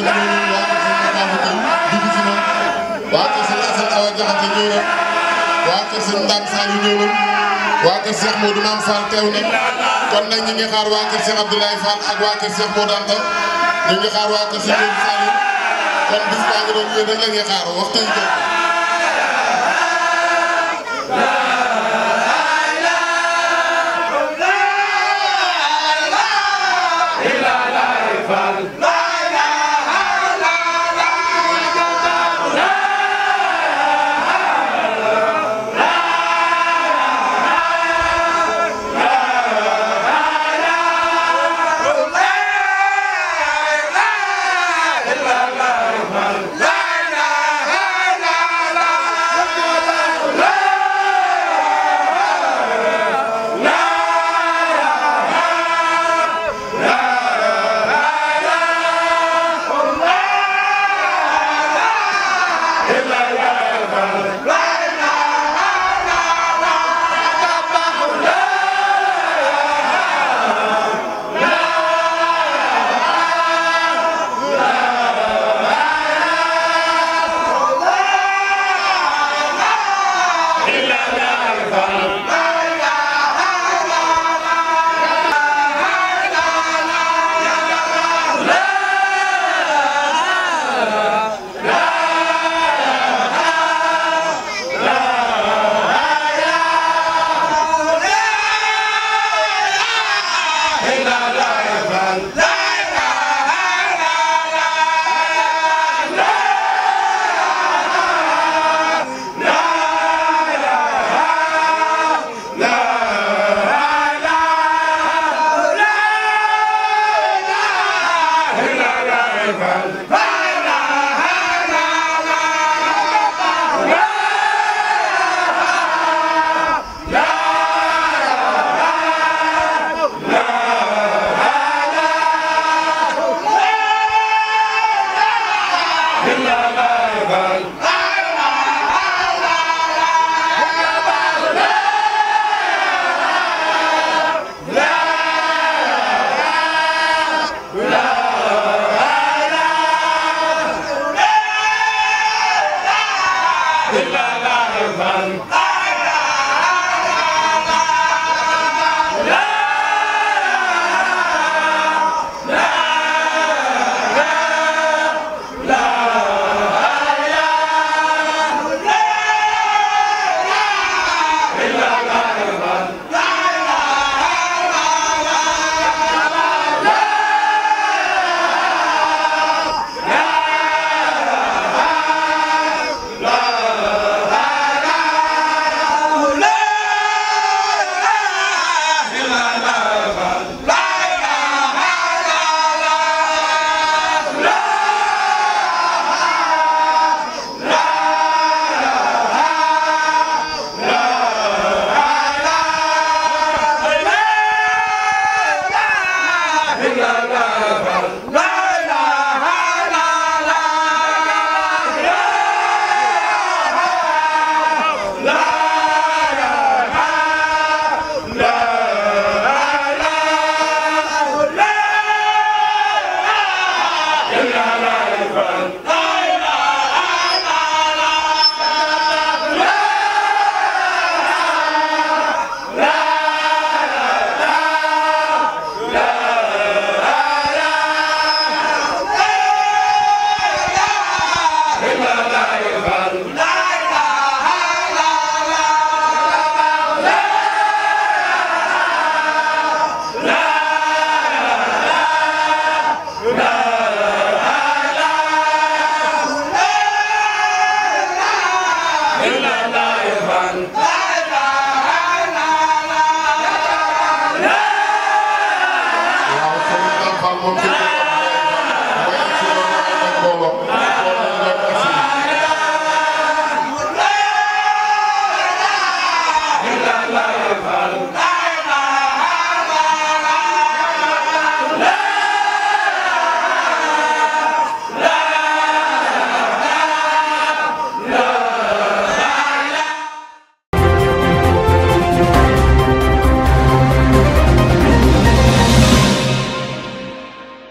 xamante ne ñoom ñoo am seen Ababacar dugg si noonu waa kër sëñ Assane Awa Diakhaté ñëw na waa kër sëñ Dame Sall ñëw na waa kër Cheikh Modou Mame Fall teew kon nag ñu ngi xaar waa kër sëñ Abdoulaye ak waa kër Cheikh Modou Anta ñu ngi xaar waa kër sëñ Modou kon bis baa ngi doon yéen rek la ñuy xaar waxtaan bi Allahu la la la la